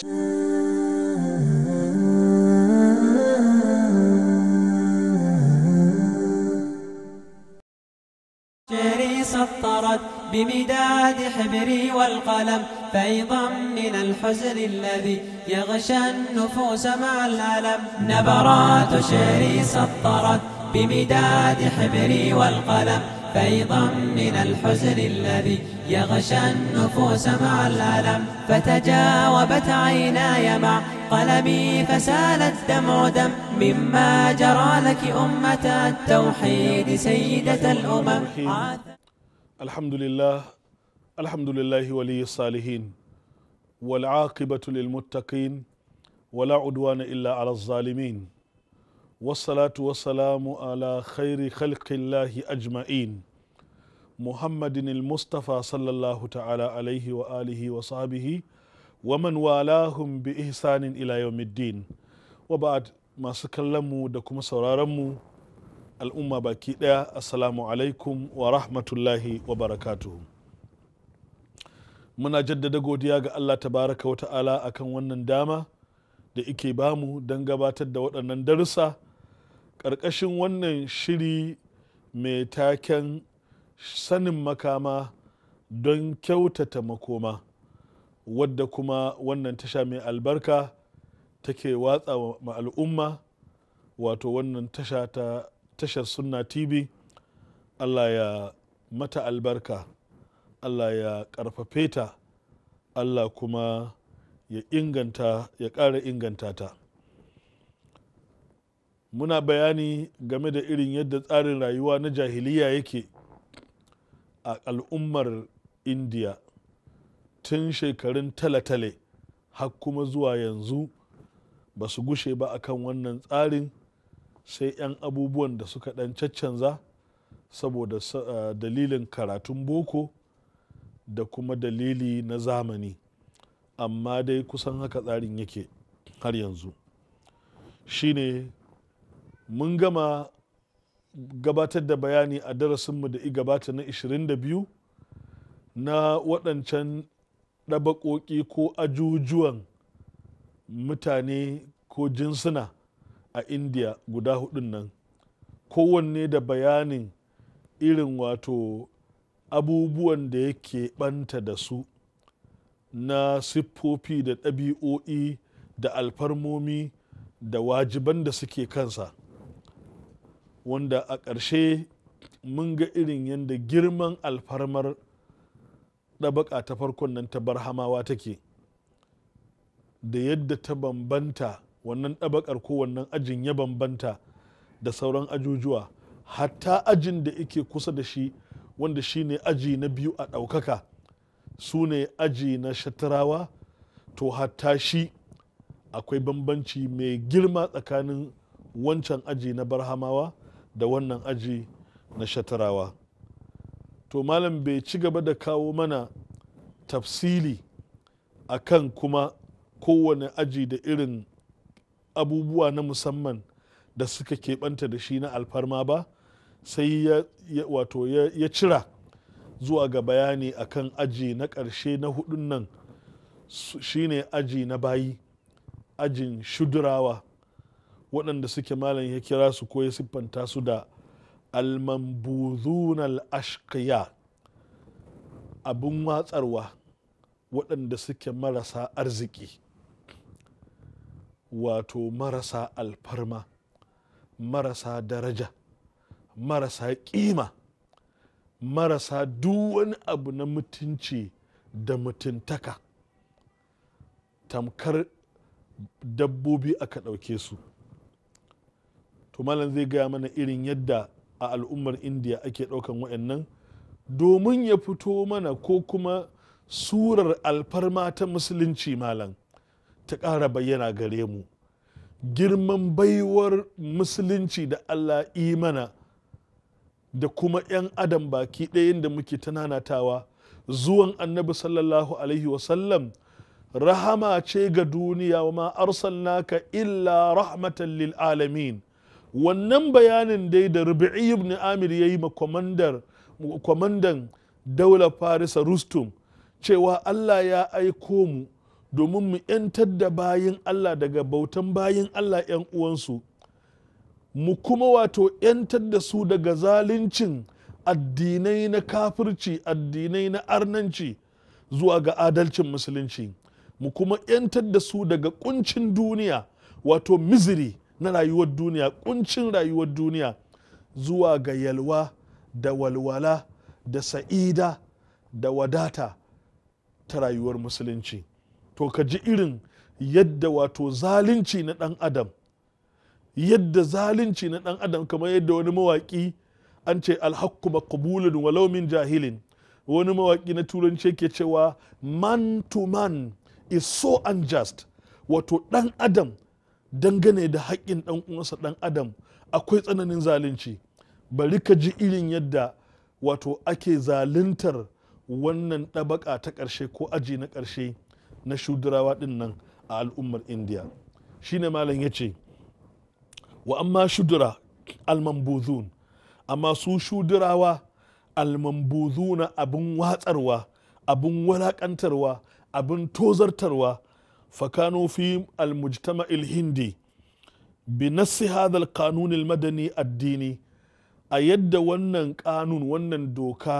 شعري سطرت بمداد حبري والقلم فيضا من الحزن الذي يغشى النفوس مع الألم نبرات شعري سطرت بمداد حبري والقلم فيضا من الحزن الذي يغشى النفوس مع الألم فتجاوبت عيناي مع قلمي فسالت دمع دم مما جرى لك أمة التوحيد سيدة الأمم الحمد لله الحمد لله ولي الصالحين والعاقبة للمتقين ولا عدوان إلا على الظالمين wasalatu wasalamu ala khairi khalqillahi ajma'in muhammadin al-mustafa sallallahu ta'ala alaihi wa alihi wa sahbihi wa man walahum bi ihsanin ila yawmiddin masu kallon mu da kuma sauraron mu al'umma baki ɗaya assalamu alaikum wa rahmatullahi wa barakatu. muna jaddada godiya ga allah ta tabaraka wata ala akan wannan dama da ike bamu don gabatar da waɗannan darussa ƙarƙashin wannan shiri mai taken sanin makama don kyautata makoma wadda kuma wannan tasha mai albarka take watsa ma al'umma wato wannan tasha ta tashar sunna tv allah ya mata albarka allah ya ƙarfafe ta allah kuma ya inganta ya ƙara inganta ta muna bayani game da irin yadda tsarin rayuwa na jahiliya yake a al'ummar indiya tun shekarun talatale har kuma zuwa yanzu ba su gushe ba akan wannan tsarin sai 'yan abubuwan da suka dan caccanza saboda uh, dalilin karatun boko da kuma dalili na zamani amma dai kusan haka tsarin yake har yanzu shine mun gama gabatar da bayani a darasinmu da gabata na 22 na waɗancan ɗabaƙoƙi ko ajujuwan mutane ko jinsuna a indiya guda hudun nan kowanne da bayanin irin wato abubuwan da yake ɓanta da su na siffofi da ɗabi'o'i da alfarmomi da wajiban da suke kansa wanda a ƙarshe mun ga irin yadda girman alfarmar ɗabaƙa ta farkon nan ta barhamawa take da yadda ta bambanta wannan ɗabaƙar ko wannan ajin ya bambanta da sauran ajujuwa hatta ajin da ike kusa da shi wanda shi ne aji na biyu a ɗaukaka su ne aji na shatarawa to hatta shi akwai bambanci mai girma tsakanin wancan aji na barhamawa da wannan aji na shatarawa to malam bai ci gaba da kawo mana tafsili kan kuma kowane aji da irin abubuwa na musamman da suka keɓanta da shi na alfarma ba sai wato ya cira zuwa ga bayani a kan aji na ƙarshe na hudun nan shine aji na bayi ajin shudurawa waɗanda suke malam ya kira su ko ya siffanta su da almambuzun al'ashkaya abin watsarwa waɗanda suke marasa arziki wato marasa alfarma marasa daraja marasa ƙima marasa duk wani abu na mutunci da mutuntaka tamkar dabbobi aka ɗauke su to malam zai gaya mana irin yadda a al'ummar indiya ake ɗaukan wa'annan domin ya fito mana ko kuma surar alfarma ta musulunci malam ta ƙara bayyana gare mu girman baiwar musulunci da allah imana da kuma 'yan adam baki ɗayan da muke tananatawa zuwan annabi sallallahu alaihi wasallam rahama ce ga duniya wa ma arsalnaka illa rahmatan lil'alamin. wannan bayanin dai da rubi'i ibn amir ya yi ma kwamandan daular farisa rustum cewa allah ya aiko mu domin mu 'yantar da bayan allah daga bautan bayin allah 'yan uwansu mu kuma wato 'yantar da su daga zaluncin addinai na kafirci addinai na arnanci zuwa ga adalcin musulunci mu kuma 'yantar da su daga kuncin duniya wato Misiri. na rayuwar duniya kuncin rayuwar duniya zuwa ga yalwa da walwala da sa'ida da wadata ta rayuwar musulunci to ka ji irin yadda wato zalunci na ɗan adam yadda zalunci na ɗan adam kamar yadda wani mawaƙi an ce alhakku makabulin walau min jahilin wani mawaƙi na turanci yake cewa man to man is so unjust wato ɗan adam dangane da haƙƙin ɗan uwansa ɗan adam akwai tsananin zalunci bari ka ji irin yadda wato ake zaluntar wannan ɗabaƙa ta ƙarshe ko aji na ƙarshe na shudurawa ɗin nan a al'ummar indiya Shi ne malam ya ce wa amma shudura almambuzun amma su shudurawa almambuzuna abin watsarwa abin walaƙantarwa abin tozartarwa فكانوا في المجتمع الهندي بنص هذا القانون المدني الديني أيد ونن قانون ونن دوكا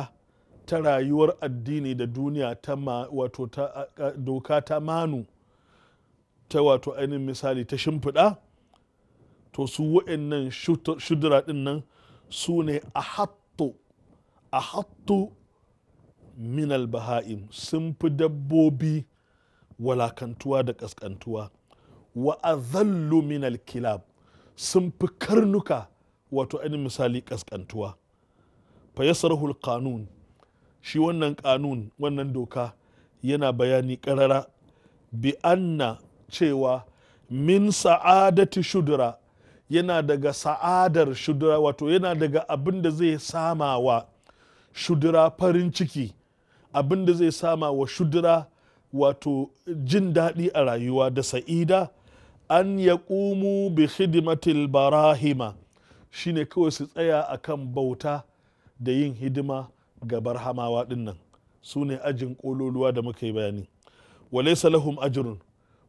ترى يور الديني دا دنيا تما واتو دوكا تمانو ta wato ainihin misali ta shimfiɗa to su wa'annan shudura ɗin nan su ne a hattu a hattu minal baha'im sun fi dabbobi walakantuwa da ƙasƙantuwa wa azallu min kilab sun fi karnuka wato ainihin misali ƙasƙantuwa fa yasrahul shi wannan ƙanun wannan doka yana bayani ƙarara bi anna cewa min sa'adati shudura yana daga sa'adar shudura wato yana daga abin da zai sama wa shudura farin ciki abin da zai sama wa shudura wato jin daɗi a rayuwa da sa'ida an ya ƙumu bi hidimatil barahima ne kawai su tsaya a kan bauta da yin hidima ga barhamawa dinnan su ne ajin ƙololuwa da muka yi bayani wale salahum ajirun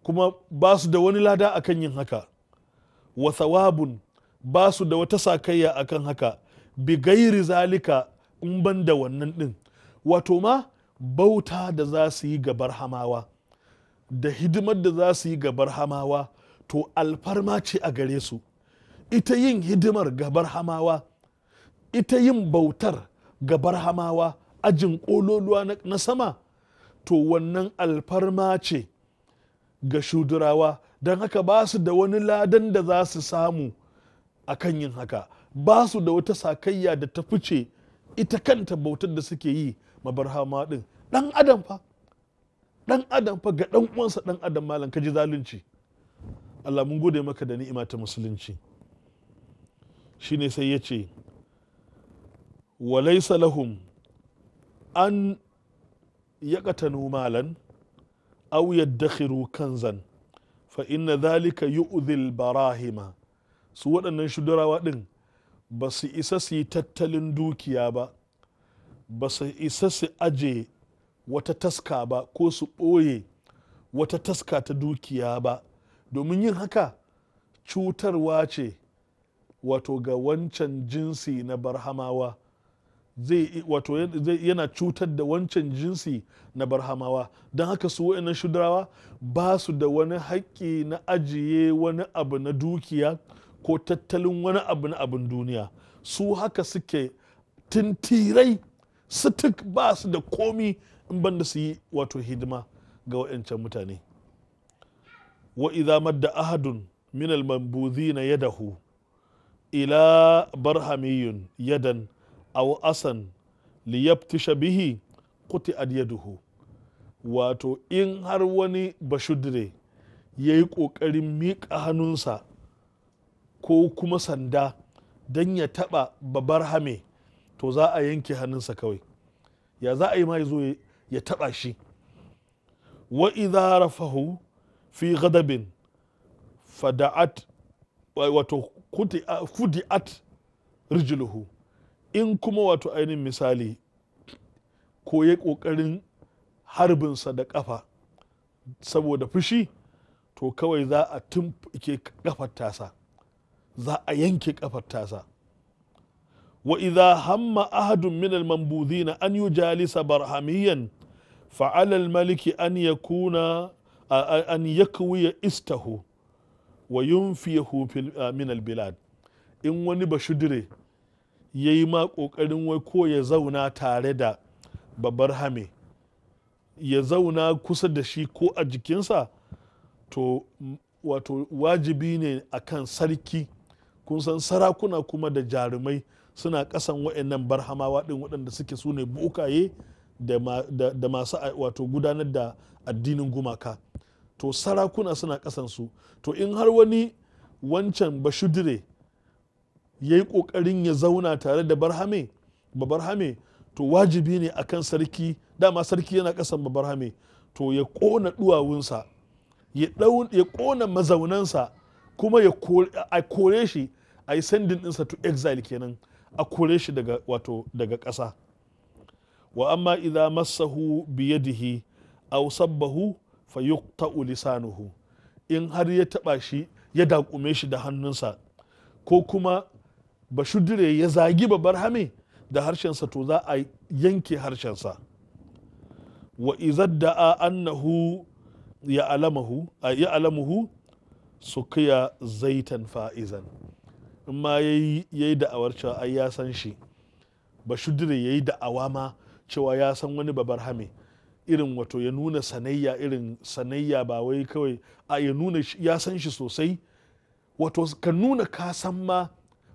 kuma ba su da wani lada a kan yin haka wa thawabun ba su da wata sakayya a kan haka bi gairi zalika in ban da wannan ɗin wato ma bauta da za su yi gabar hamawa da hidimar da za su yi gabar hamawa to alfarma ce a gare su ita yin hidimar gabar hamawa ita yin bautar gabar hamawa ajin ƙololuwa na sama to wannan alfarma ce ga shudurawa don haka ba su da wani ladan da za su samu a kan yin haka ba su da wata sakayya da ta fice ita kanta bautar da suke yi mabarhama din dan adam fa dan adam fa ga dan uwansa dan adam malam kaji ji zalunci Allah mun gode maka da ni'ima ta musulunci shine sai ya ce walaysa lahum an yaqatanu malan aw yaddakhiru kanzan fa inna dhalika yu'dhil barahima su waɗannan shudurawa din ba su isa su yi tattalin dukiya ba ba su isa su aje wata taska ba ko su ɓoye wata taska ta dukiya ba domin yin haka cutarwa ce wato ga wancan jinsi na barhamawa zai wato yana cutar da wancan jinsi na barhamawa don haka su wa'annan shudarawa ba su da wani haƙƙi na ajiye wani abu na dukiya ko tattalin wani abu na abin duniya su haka suke tintirai su ba su da komi in banda su yi wato hidima ga wa'yancan mutane wa idza madda ahadun min almanbudhina yadahu ila barhamiyun yadan aw asan yabtisha bihi kuti yaduhu wato in har wani bashudre yayi yi ƙoƙarin miƙa hannunsa ko kuma sanda dan ya taɓa babar hame to za a yanke hannunsa kawai ya za a yi ma ya zo ya taɓa shi wa idza rafahu fi ghadabin fada'at wato fudi'at rijluhu in kuma wato ainihin misali ko ya ƙoƙarin harbinsa da ƙafa saboda fushi to kawai za a tun ke ƙafar tasa za a yanke ƙafar tasa wa idha hamma ahadun min al an yujalisa barhamiyan fa ala maliki an yakuna an yakwiya istahu wa yunfiyahu min al-bilad in wani bashudire yayi ma kokarin wai ko ya zauna tare da babbar hame ya zauna kusa da shi ko a jikinsa to wato wajibi ne akan sarki kun san sarakuna kuma da jarumai suna kasan wa'annan barhamawa din waɗanda suke su ne bukaye da masu wato gudanar da addinin gumaka to sarakuna suna kasan su to in har wani wancan bashudire ya yi ƙoƙarin ya zauna tare da barhame babarhame to wajibi ne akan sarki dama sarki yana kasan babarhame to ya ƙona duwawunsa ya ƙona mazaunansa kuma ya kore shi a yi sandin ɗinsa to exile kenan a kure shi daga wato daga ƙasa wa amma idza massahu yadihi aw sabbahu fayuqta'u lisanuhu in har ya taba shi ya dakume shi da hannunsa ko kuma bashudire ya zagi babar hame da harshensa to za a yanke harshensa wa da'a annahu ya alamuhu sukiya zaitan fa'izan in ma ya yi da'awar cewa ai ya san shi Ba shudire ya yi da'awa ma cewa ya san wani babarhame irin wato ya nuna sanayya irin sanayya ba wai kawai a ya nuna ya san shi sosai wato ka nuna ka san ma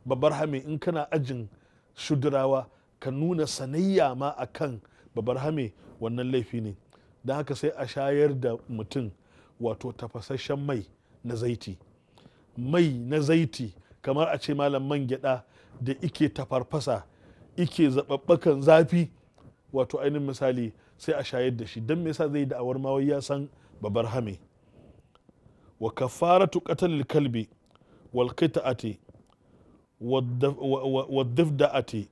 babarhame in kana ajin shudurawa. ka nuna sanayya ma a akan hame wannan laifi ne don haka sai a shayar da mutum wato tafasasshen mai na zaiti mai na zaiti kamar a ce malam man gyada da ike tafarfasa ike zaɓaɓɓakan zafi wato ainihin misali sai a shayar da shi don me yasa zai da'awar ma wai ya san babar hame wa kafaratu qatl kalbi wal qita'ati wad dafda'ati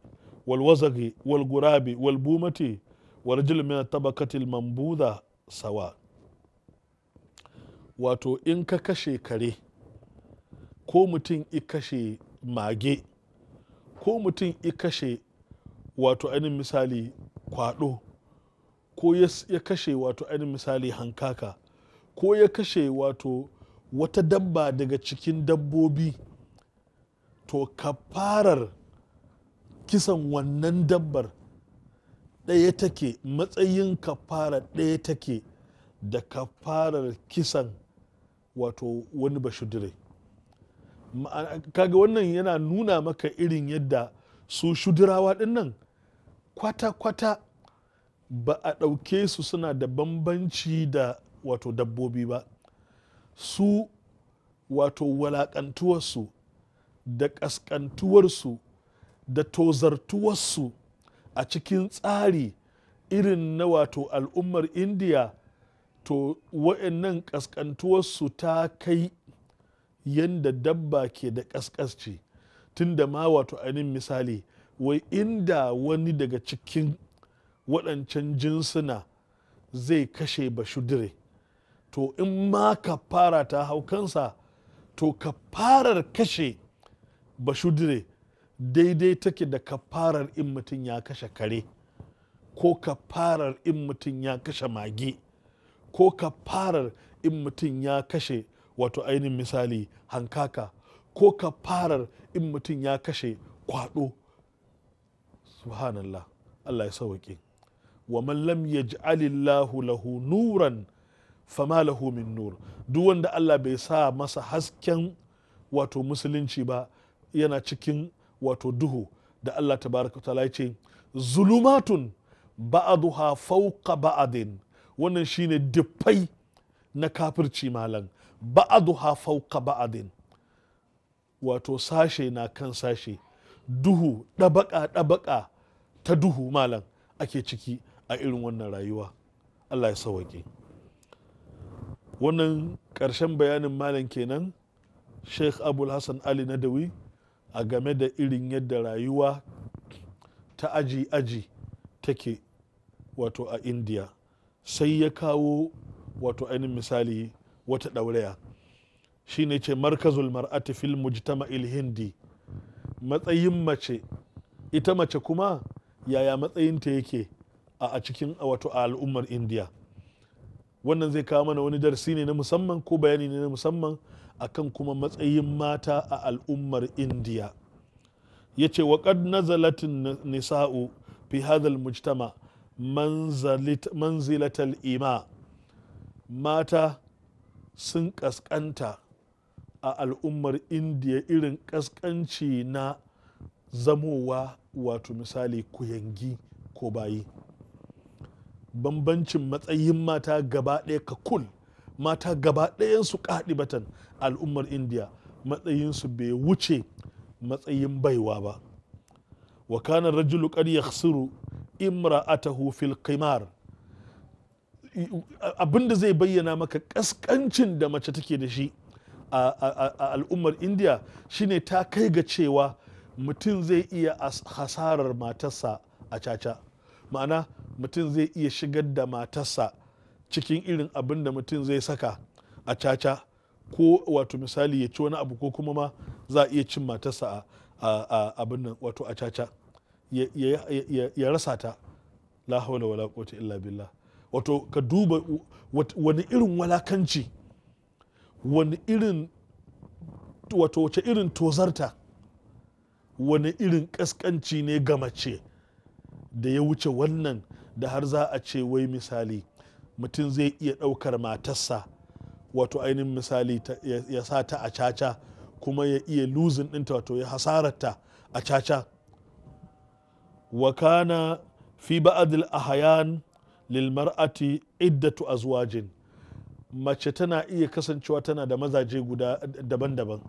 wal wazaghi wal gurabi wal bumati wa rajul min tabaqati mambu da sawa wato in ka kashe kare ko mutum i kashe mage ko mutum i kashe wato ainihin misali kwado ko ya kashe wato ainihin misali hankaka ko ya kashe wato wata dabba daga cikin dabbobi to kafarar kisan wannan dabbar ɗaya take matsayin kafara ɗaya take da kafarar kisan wato wani bashudire kaga wannan yana nuna maka irin yadda su shudurawa din nan kwata-kwata ba a ɗauke su suna da bambanci da wato dabbobi ba su wato walaƙantuwarsu da ƙasƙantuwarsu da tozartuwarsu a cikin tsari irin na wato al'ummar indiya to wa'annan ƙasƙantuwarsu ta kai yanda dabba ke da ƙasƙasci tunda ma wato ainihin misali wai inda wani daga cikin waɗancan jinsuna zai kashe bashudire to in ma ka fara ta haukansa kansa to farar kashe bashudire daidai take da ka farar in mutum ya kashe kare ko ka farar in mutum ya kashe mage ko ka farar in mutum ya kashe wato ainihin misali hankaka ko ka kafarar in mutum ya kashe kwado subhanallah allah ya sauwaƙe wa ya ji alillahu lahu nuran fama lahu min nur duk wanda allah bai sa masa hasken wato musulunci ba yana cikin wato duhu da allah ta ta'ala ya ce zulumatun ba'aduha fauka ba'adin wannan shine dufai na kafirci malam ba'aduha fauka ba'adin wato sashe na kan sashe duhu ɗabaka ɗabaka ta duhu malam ake ciki a irin wannan rayuwa allah ya sawaƙe wannan ƙarshen bayanin malam kenan sheikh abul hassan ali nadawi a game da irin yadda rayuwa ta aji-aji take wato a india sai ya kawo wato ainihin misali wata ɗauraya ne ce markazul mar'ati fil mujtama'il hindi matsayin mace ita mace kuma yaya matsayinta yake a cikin wato al'ummar indiya wannan zai kawo mana wani darsi ne na musamman ko bayani ne na musamman akan kuma matsayin mata a al'ummar indiya ya ce waƙad nazalatin nisa'u fi hadhal mujtama manzilatal ima mata sun kaskanta a al'ummar indiya irin kaskanci na zamowa wato misali kuyangi ko bayi bambancin matsayin mata gaba ɗaya ka kul mata gaba ɗayansu batan al'ummar indiya matsayin su bai wuce matsayin baiwa ba wa rajulu ƙar ya imra'atahu fil qimar abinda zai bayyana maka kaskancin da mace take da shi a al'ummar indiya shine ta kai ga cewa mutum zai iya hasarar matarsa a caca ma'ana mutum zai iya shigar da matarsa cikin irin abin da mutum zai saka a caca ko wato misali ya ci wani abu ko kuma ma za a iya cin matarsa a abin nan wato a caca ya rasa ta la hawla wala quwwata illa billah wato ka duba wani irin walakanci wani irin wato wace irin tozarta wani irin ƙasƙanci ne ga mace da ya wuce wannan da har za a ce wai misali mutum zai iya ɗaukar matarsa wato ainihin misali ya sa ta a caca kuma ya iya luzin ɗinta wato ya hasararta a caca wakana fi ba'adil ahayan lilmar'ati iddatu azwajin mace tana iya kasancewa tana da mazaje guda daban-daban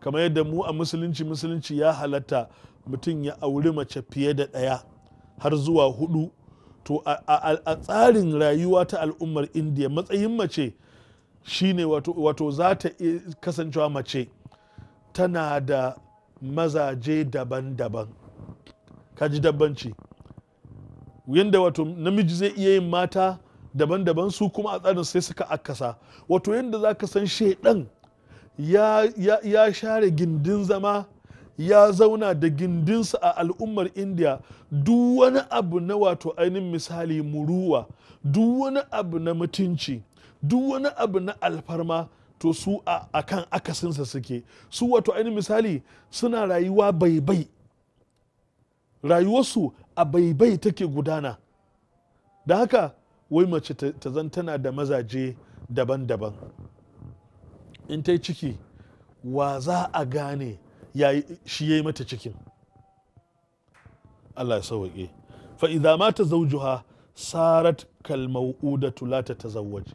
kamar yadda mu a musulunci musulunci ya halatta mutum ya auri mace fiye da ɗaya har zuwa hudu to a tsarin rayuwa ta al'ummar indiya matsayin mace shine wato za ta kasancewa mace tana da mazaje daban-daban kaji dabbanci yadda wato namiji zai iya yin mata daban-daban su kuma a tsarin sai suka akasa wato yadda za ka san shaidan ya, ya share gindin zama ya zauna da gindinsa a al'ummar indiya duk wani abu na wato ainihin misali muruwa duk wani abu na mutunci duk wani abu na alfarma to su a kan akasinsa suke su wato ainihin misali suna rayuwa baibai rayuwarsu a baibai take gudana da haka wai mace ta zan tana da mazaje daban-daban in ta yi ciki wa za a gane shi ya yi mata cikin allah ya sauwaƙe fa'iza ma ta zaujuha sarat kalmau'uda tulata ta zawaj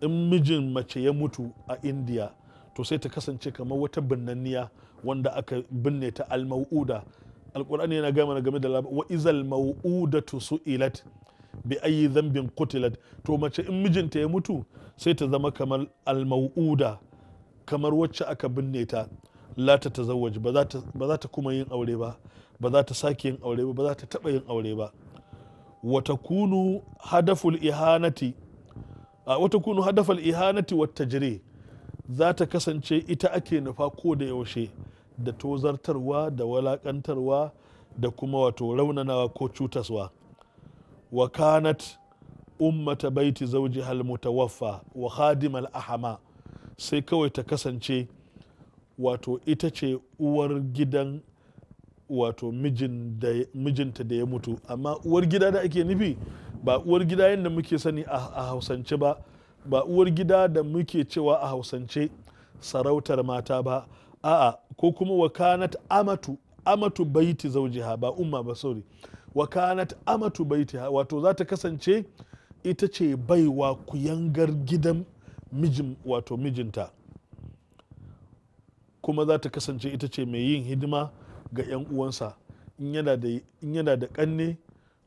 in mijin mace ya mutu a indiya to sai ta kasance kamar wata binnanniya wanda aka binne ta almau'uda alkur'ani yana gama na game da labar wa izal mau'udatu su'ilat bi ayi zambin kutilat to mace in mijinta ya mutu sai ta zama kamar al-mau'uda, kamar wacce aka binne ta la ta tazawwaj ba za ta kuma yin aure ba ba za ta sake yin aure ba ba za ta taba yin aure ba wa takunu hadaful ihanati wa takunu hadafal ihanati wata tajri za ta kasance ita ake nufa ko da yaushe da tozartarwa da walakantarwa da kuma wato raunanawa ko cutaswa wa kanat ummata baiti zauji mutawaffa wa khadim ahama sai kawai ta kasance wato ita ce uwar gidan wato mijinta da ya mutu amma uwar gida da ake nufi ba uwar gida yadda muke sani a hausance ba ba uwar gida da muke cewa a hausance sarautar mata ba a'a ko kuma wakanat amatu amatu baiti zaujiha ba umma ba sorry wakanat amatu baiti wato za ta kasance ita ce baiwa ku yangar gidan mijin wato mijinta kuma za ta kasance ita ce mai yin hidima ga 'yan uwansa in yana da ƙanne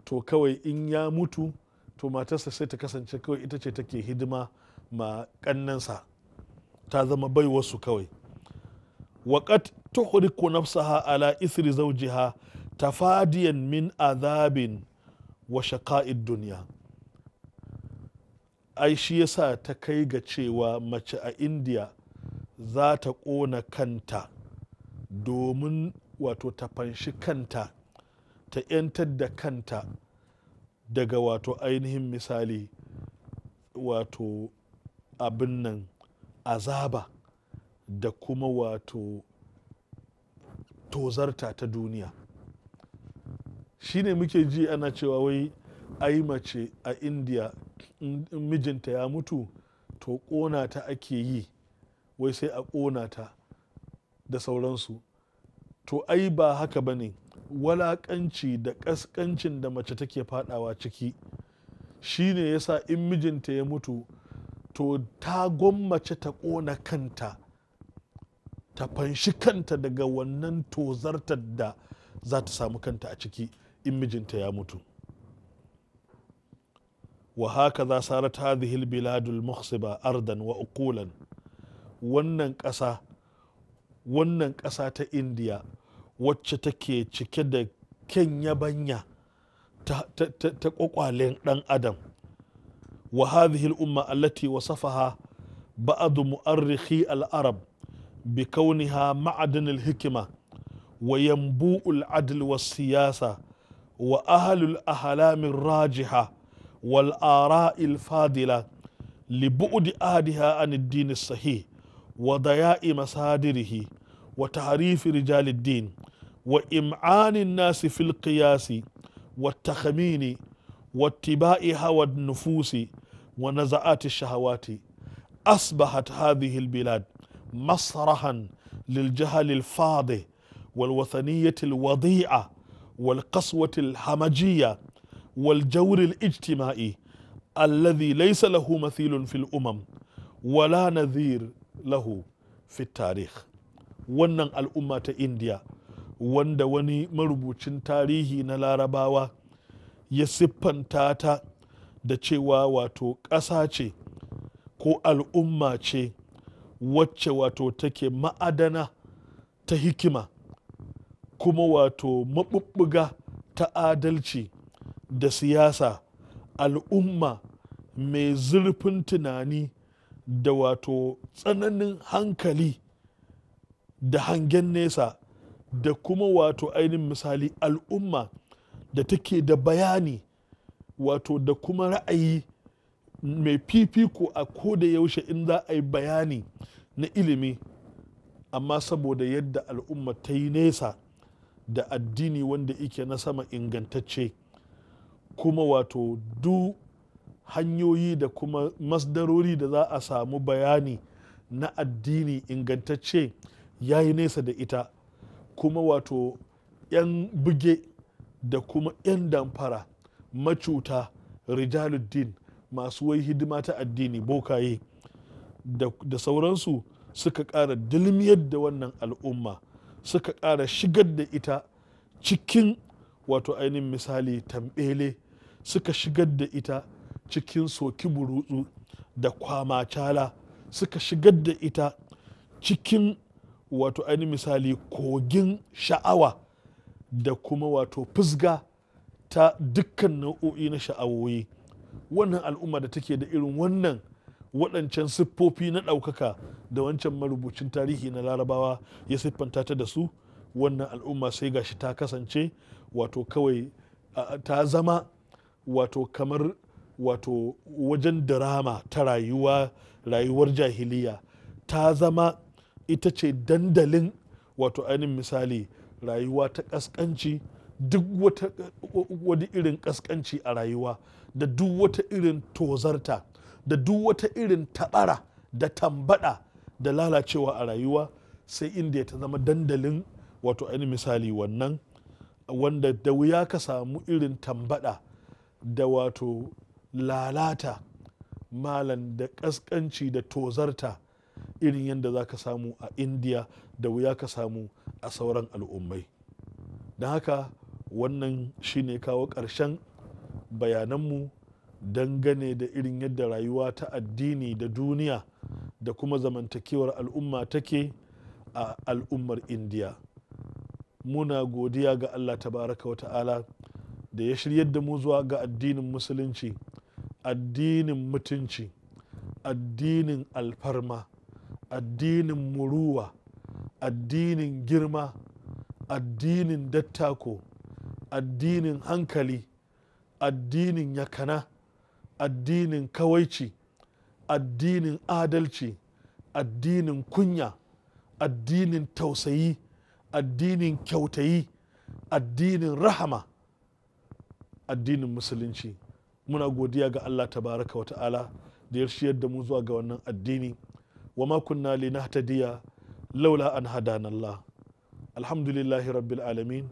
to kawai in ya mutu to matarsa sai ta kasance kawai ita ce take hidima ma ƙannensa ta zama baiwarsu kawai waƙat tuhriku nafsaha ala isri ta tafadiyan min azabin wa shaqa'id duniya ai shi yasa ta kai ga cewa mace a indiya za ta ƙona kanta domin wato ta fanshi kanta ta 'yantar da kanta daga wato ainihin misali wato abin nan azaba da kuma wato tozarta ta duniya Shi ne muke ji ana cewa wai ai mace a indiya in mijinta ya mutu to ƙona ta ake yi wai sai a kona ta da sauransu to ai ba haka ba ne walaƙanci da ƙasƙancin da mace take fadawa ciki Shi ne ya sa in mijinta ya mutu to ta gwammace ta ƙona kanta ta fanshi kanta daga wannan tozartar da za ta samu kanta a ciki in mijinta ya mutu wa haka za sarat hadhihi albiladul muhsiba ardan wa uqulan wannan ƙasa wannan ƙasa ta indiya wacce take cike da kyan yabanya ta, ƙwaƙwalen ɗan adam wa hadhihi al'umma allati wasafaha ba'adu mu'arrikhi arab بكونها معدن الحكمة وينبوء العدل والسياسة وأهل الأحلام الراجحة والآراء الفاضلة لبعد أهدها عن الدين الصحيح وضياء مصادره وتعريف رجال الدين وإمعان الناس في القياس والتخمين واتباع هوى النفوس ونزعات الشهوات أصبحت هذه البلاد مسرحا للجهل الفاضي والوثنية الوضيعة والقسوة الهمجية والجور الاجتماعي الذي ليس له مثيل في الأمم ولا نذير له في التاريخ wannan al'umma ta indiya wanda wani marubucin tarihi na larabawa ya siffanta ta da cewa wato ƙasa ce ko al'umma ce wacce wato take ma'adana ta hikima kuma wato maɓuɓɓuga ta adalci da siyasa al'umma mai zurfin tunani da wato tsananin hankali da hangen nesa da kuma wato ainihin misali al'umma da take da bayani wato da kuma ra'ayi mai fifiko a koda yaushe in za a yi bayani na ilimi amma saboda yadda al'umma ta yi nesa da addini wanda ike na sama ingantacce kuma wato du hanyoyi da kuma masdarori da za a samu bayani na addini ingantacce ya yi nesa da ita kuma wato 'yan buge da kuma 'yan damfara macuta rijaluddin masu wai hidima ta addini bokaye da sauransu suka ƙara dilmiyar da wannan al'umma suka ƙara shigar da ita cikin wato ainihin misali tambele suka shigar da ita cikin soki burutsu da kwamacala suka shigar da ita cikin wato ainihin misali kogin sha'awa da kuma wato fusga ta dukkan nau'o'i na sha'awoyi wannan al'umma da take da irin wannan waɗancan siffofi na ɗaukaka da wancan marubucin tarihi na larabawa ya siffanta ta da su wannan al'umma sai gashi ta kasance wato kawai ta zama wato kamar wato wajen dirama ta rayuwa rayuwar jahiliya ta zama ita ce dandalin wato ainihin misali rayuwa ta ƙasƙanci duk wata wani irin ƙasƙanci a rayuwa da duk wata irin tozarta da duk wata irin tabara da tambada da lalacewa a rayuwa sai inda ya ta zama dandalin wato ainihin misali wannan wanda da wuya ka samu irin tambada da wato lalata Malam da ƙasƙanci da tozarta irin yadda za ka samu a indiya da wuya ka samu a sauran al'ummai don haka wannan shi ne kawo ƙarshen bayananmu dangane da irin yadda rayuwa ta addini da duniya da kuma zamantakewar al'umma take a al'ummar indiya muna godiya ga allah tabaraka wa ta'ala da ya shiryar da mu zuwa ga addinin musulunci addinin mutunci addinin alfarma addinin muruwa addinin girma addinin dattako addinin hankali addinin yakana addinin kawaici addinin adalci addinin kunya addinin tausayi addinin kyautayi addinin rahama addinin musulunci muna godiya ga allah tabaraka wa ta'ala da ya shiyar da mu zuwa ga wannan addini wa ma kunna linahtadiya laula an hadana allah alhamdulillahi rabbil alamin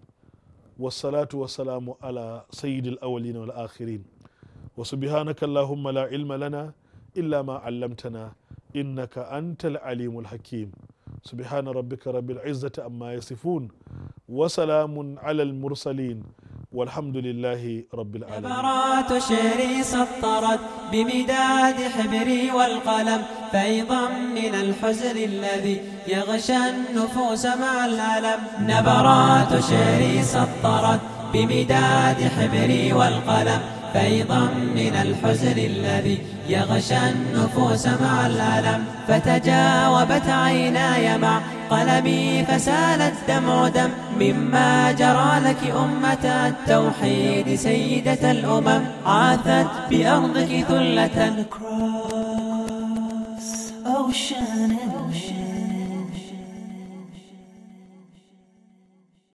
wassalatu wassalamu ala sayyidil awwalin wal akhirin wa subhanaka allahumma la ilma lana illa ma 'allamtana innaka antal alimul hakim subhana rabbika rabbil izzati amma yasifun wa salamun alal mursalin والحمد لله رب العالمين جبرات شعري سطرت بمداد حبري والقلم فيضا من الحزن الذي يغشى النفوس مع الألم نبرات شعري سطرت بمداد حبري والقلم فيضا من الحزن الذي يغشى النفوس مع الألم فتجاوبت عيناي مع قلمي فسال الدمع دم مما جرى لك أمة التوحيد سيدة الأمم عاثت بأرضك ثلة Ocean, ocean.